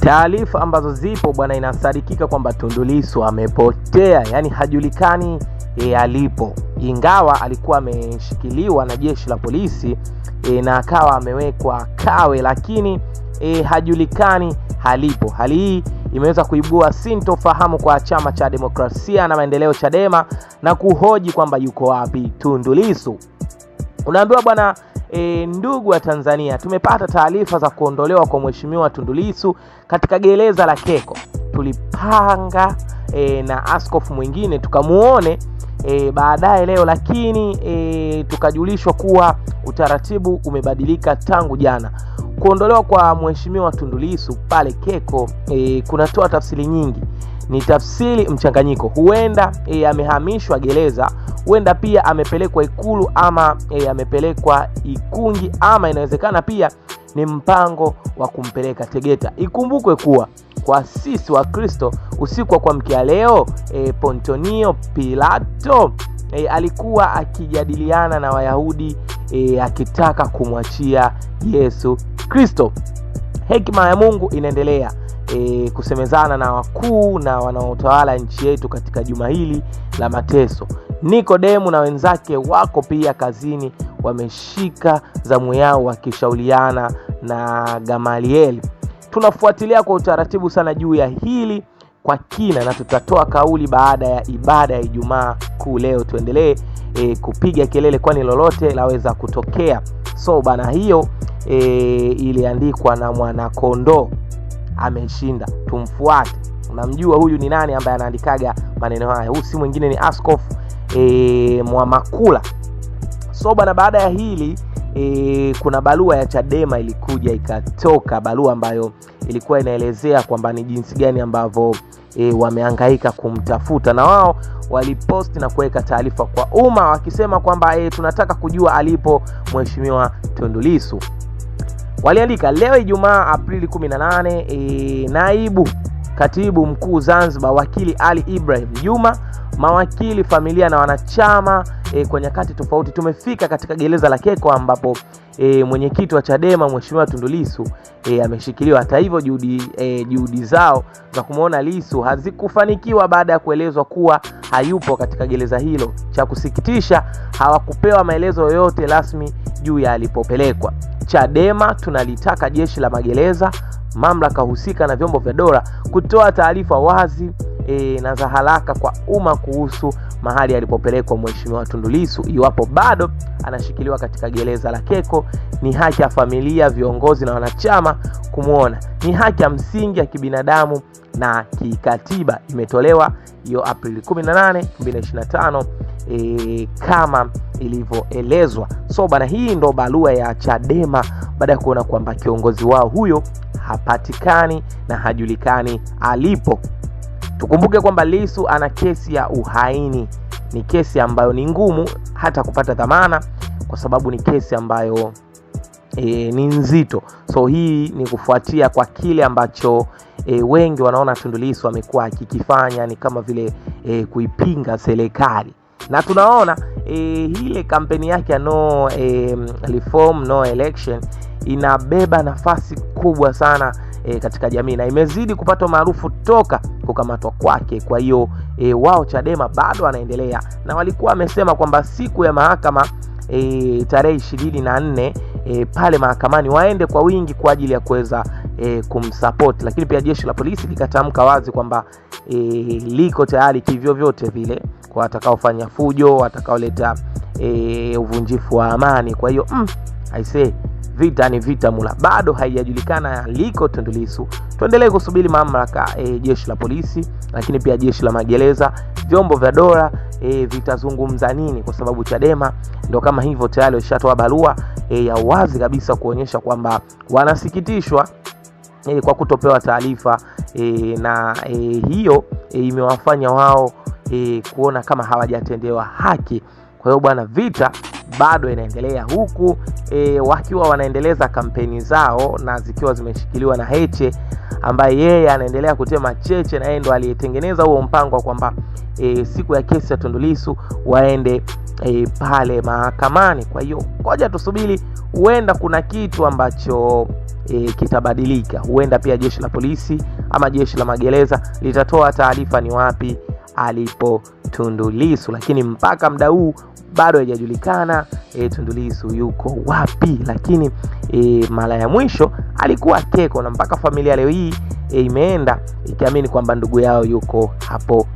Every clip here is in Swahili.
Taarifa ambazo zipo bwana, inasadikika kwamba Tundu Lissu amepotea, yani hajulikani e, alipo, ingawa alikuwa ameshikiliwa na jeshi la polisi e, na akawa amewekwa Kawe, lakini e, hajulikani halipo. Hali hii imeweza kuibua sintofahamu kwa chama cha demokrasia na maendeleo Chadema na kuhoji kwamba yuko wapi Tundu Lissu. Unaambiwa bwana E, ndugu wa Tanzania, tumepata taarifa za kuondolewa kwa Mheshimiwa Tundu Lissu katika gereza la Keko. Tulipanga e, na askofu mwingine tukamuone e, baadaye leo lakini e, tukajulishwa kuwa utaratibu umebadilika tangu jana. Kuondolewa kwa Mheshimiwa Tundu Lissu pale Keko e, kunatoa tafsiri nyingi, ni tafsiri mchanganyiko. Huenda e, amehamishwa gereza huenda pia amepelekwa Ikulu ama e, amepelekwa Ikungi ama inawezekana pia ni mpango wa kumpeleka Tegeta. Ikumbukwe kuwa kwa sisi wa Kristo usiku wa kuamkia leo e, Pontonio Pilato e, alikuwa akijadiliana na Wayahudi e, akitaka kumwachia Yesu Kristo. Hekima ya Mungu inaendelea E, kusemezana na wakuu na wanaotawala nchi yetu katika juma hili la mateso. Nikodemu na wenzake wako pia kazini, wameshika zamu yao wakishauriana na Gamalieli. Tunafuatilia kwa utaratibu sana juu ya hili kwa kina, na tutatoa kauli baada ya ibada ya Ijumaa Kuu. Leo tuendelee e, kupiga kelele, kwani lolote laweza kutokea. So bana, hiyo e, iliandikwa na mwanakondoo ameshinda, tumfuate. Unamjua huyu ni nani ambaye anaandikaga maneno haya? Huyu si mwingine ni askofu e, Mwamakula. So bana, baada ya hili e, kuna barua ya Chadema ilikuja ikatoka, barua ambayo ilikuwa inaelezea kwamba ni jinsi gani ambavyo e, wamehangaika kumtafuta na wao waliposti na kuweka taarifa kwa umma wakisema kwamba e, tunataka kujua alipo Mheshimiwa Tundu Lissu. Waliandika leo Ijumaa Aprili 18, e, naibu katibu mkuu Zanzibar wakili Ali Ibrahim Juma mawakili, familia na wanachama e, kwa nyakati tofauti. Tumefika katika gereza la Keko ambapo e, mwenyekiti wa Chadema Mheshimiwa Tundu Lissu e, ameshikiliwa. Hata hivyo juhudi e, juhudi zao za kumwona Lissu hazikufanikiwa baada ya kuelezwa kuwa hayupo katika gereza hilo. Cha kusikitisha, hawakupewa maelezo yoyote rasmi juu ya alipopelekwa. Chadema tunalitaka jeshi la magereza, mamlaka husika na vyombo vya dola kutoa taarifa wazi e, na za haraka kwa umma kuhusu mahali alipopelekwa Mheshimiwa tundulisu iwapo bado anashikiliwa katika gereza la Keko. Ni haki ya familia, viongozi na wanachama kumwona, ni haki ya msingi ya kibinadamu na kikatiba. Imetolewa hiyo Aprili 18, 2025 e, kama ilivyoelezwa. So bana, hii ndo barua ya Chadema baada ya kuona kwamba kiongozi wao huyo hapatikani na hajulikani alipo. Tukumbuke kwamba Lissu ana kesi ya uhaini, ni kesi ambayo ni ngumu hata kupata dhamana, kwa sababu ni kesi ambayo E, ni nzito. So hii ni kufuatia kwa kile ambacho e, wengi wanaona Tundu Lissu amekuwa akikifanya ni kama vile e, kuipinga serikali, na tunaona e, ile kampeni yake ya no e, reform no election inabeba nafasi kubwa sana e, katika jamii na imezidi kupata maarufu toka kukamatwa kwake. Kwa hiyo e, wao Chadema bado wanaendelea na walikuwa wamesema kwamba siku ya mahakama e, tarehe ishirini na nne e, pale mahakamani waende kwa wingi kwa ajili ya kuweza e, kumsapoti, lakini pia jeshi la polisi likatamka wazi kwamba e, liko tayari kivyovyote vile kwa watakaofanya fujo, watakaoleta e, uvunjifu wa amani. Kwa hiyo mm, say Vita ni vita mula, bado haijajulikana liko Tundu Lissu. Tuendelee kusubiri mamlaka e, jeshi la polisi, lakini pia jeshi la magereza, vyombo vya dola e, vitazungumza nini, kwa sababu Chadema ndo kama hivyo tayari wameshatoa barua e, ya wazi kabisa kuonyesha kwamba wanasikitishwa e, kwa kutopewa taarifa e, na e, hiyo e, imewafanya wao e, kuona kama hawajatendewa haki. Kwa hiyo bwana, vita bado inaendelea huku e, wakiwa wanaendeleza kampeni zao na zikiwa zimeshikiliwa na Heche ambaye yeye anaendelea kutema cheche na yeye ndo aliyetengeneza huo mpango wa kwamba e, siku ya kesi ya Tundu Lissu waende e, pale mahakamani. Kwa hiyo ngoja tusubiri, huenda kuna kitu ambacho e, kitabadilika. Huenda pia jeshi la polisi ama jeshi la magereza litatoa taarifa ni wapi alipo Tundu Lissu, lakini mpaka muda huu bado haijajulikana e, Tundu Lissu yuko wapi, lakini e, mara ya mwisho alikuwa Keko, na mpaka familia leo hii e, imeenda ikiamini kwamba ndugu yao yuko hapo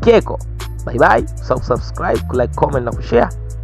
Keko. Bye bye, subscribe, like, comment na kushare.